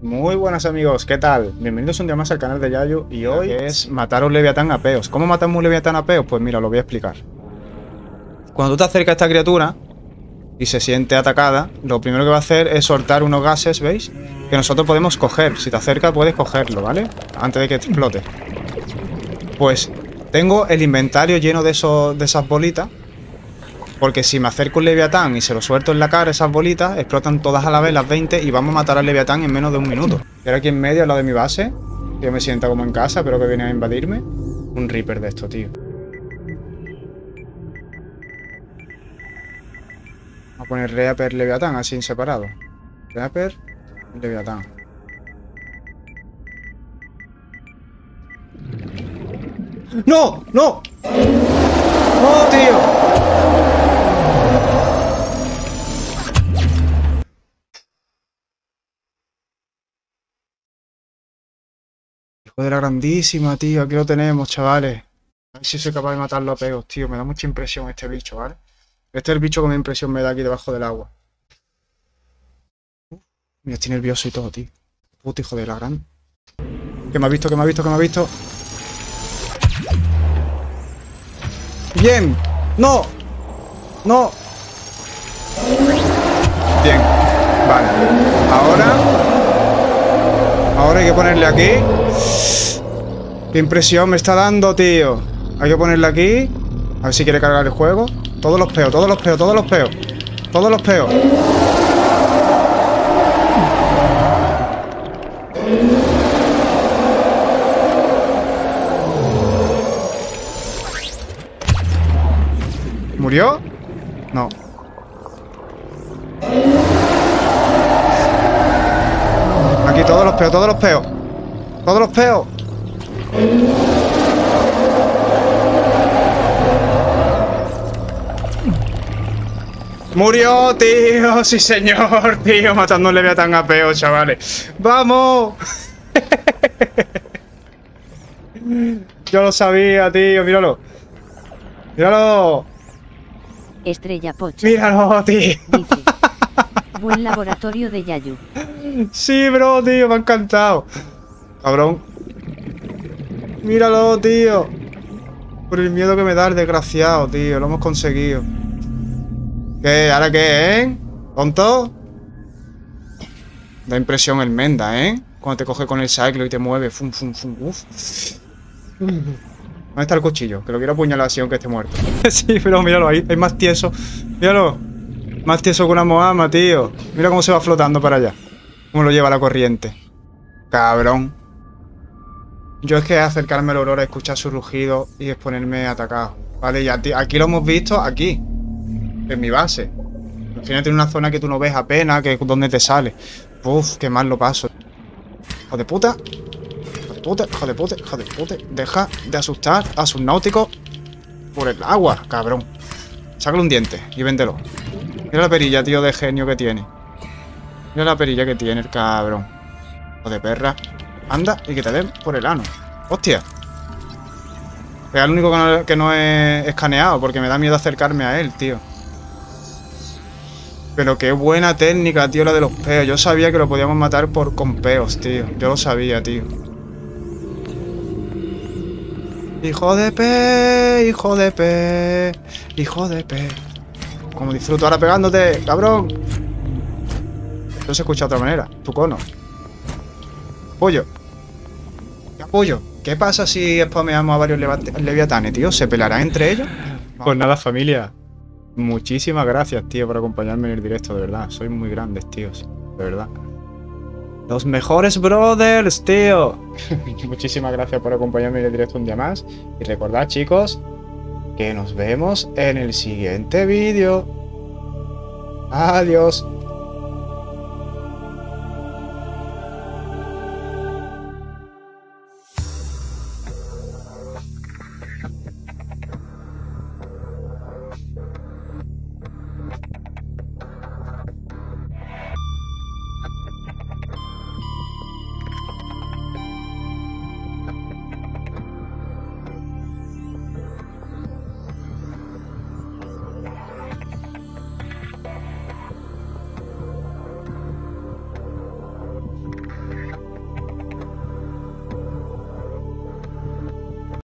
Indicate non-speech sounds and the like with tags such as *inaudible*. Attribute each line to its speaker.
Speaker 1: Muy buenas amigos, ¿qué tal? Bienvenidos un día más al canal de Yayo y hoy es matar a un leviatán a peos. ¿Cómo matamos un leviatán a peos? Pues mira, lo voy a explicar. Cuando tú te acercas a esta criatura y se siente atacada, lo primero que va a hacer es soltar unos gases, ¿veis? Que nosotros podemos coger. Si te acercas puedes cogerlo, ¿vale? Antes de que explote. Pues tengo el inventario lleno de, de esas bolitas porque si me acerco un Leviatán y se lo suelto en la cara esas bolitas, explotan todas a la vez las 20 y vamos a matar al Leviatán en menos de un minuto. pero aquí en medio, al lado de mi base, yo me sienta como en casa, pero que viene a invadirme. Un Reaper de esto, tío. Vamos a poner Reaper Leviatán así en separado. Reaper Leviatán. ¡No! ¡No! ¡No, tío! ¡Joder, la grandísima, tío. Aquí lo tenemos, chavales. A ver si soy capaz de matarlo a pegos, tío. Me da mucha impresión este bicho, ¿vale? Este es el bicho que me impresión me da aquí debajo del agua. Me mira, estoy nervioso y todo, tío. Puta, hijo de la gran. Que me ha visto, que me ha visto, que me ha visto. ¡Bien! ¡No! ¡No! Bien. Vale. Ahora... Ahora hay que ponerle aquí Qué impresión me está dando, tío. Hay que ponerle aquí. A ver si quiere cargar el juego. Todos los peos, todos los peos, todos los peos. Todos los peos. ¿Murió? No. Aquí todos los peos, todos los peos. ¡Todos los peos! Murió, tío, sí señor, *laughs* tío, Matándole un tan a peo, chavales. ¡Vamos! *laughs* Yo lo sabía, tío, míralo. Míralo. Estrella Míralo, tío. Buen laboratorio de Yayu. Sí, bro, tío, me ha encantado. Cabrón. Míralo, tío. Por el miedo que me da el desgraciado, tío. Lo hemos conseguido. ¿Qué? ¿Ahora qué, eh? ¿Tonto? Da impresión el Menda, ¿eh? Cuando te coge con el cyclo y te mueve. Fum, fum, fum. Uf. ¿Dónde está el cuchillo? Que lo quiero apuñalar así aunque esté muerto. *laughs* sí, pero míralo ahí. Es más tieso. Míralo. Más tieso que una moama, tío. Mira cómo se va flotando para allá. Cómo lo lleva la corriente. Cabrón. Yo es que acercarme al la a escuchar su rugido y exponerme atacado. Vale, y aquí lo hemos visto, aquí. En mi base. Imagínate en una zona que tú no ves apenas, que es donde te sale. Uf, qué mal lo paso. Joder puta. Joder puta, joder de puta, joder puta. Deja de asustar a sus náuticos por el agua, cabrón. Sácale un diente y véndelo. Mira la perilla, tío, de genio que tiene. Mira la perilla que tiene el cabrón. Hijo de perra. Anda, y que te den por el ano. ¡Hostia! Es el único que no, he escaneado, porque me da miedo acercarme a él, tío. Pero qué buena técnica, tío, la de los peos. Yo sabía que lo podíamos matar por con peos, tío. Yo lo sabía, tío. Hijo de pe, hijo de pe, hijo de pe. Como disfruto ahora pegándote, cabrón. Eso se escucha de otra manera. Tu cono. Pollo. ¿qué pasa si spameamos a varios leviatanes, tío? ¿Se pelará entre ellos? Pues nada, familia. Muchísimas gracias, tío, por acompañarme en el directo, de verdad. Sois muy grandes, tíos. De verdad. Los mejores brothers, tío. *laughs* Muchísimas gracias por acompañarme en el directo un día más. Y recordad, chicos, que nos vemos en el siguiente vídeo. Adiós.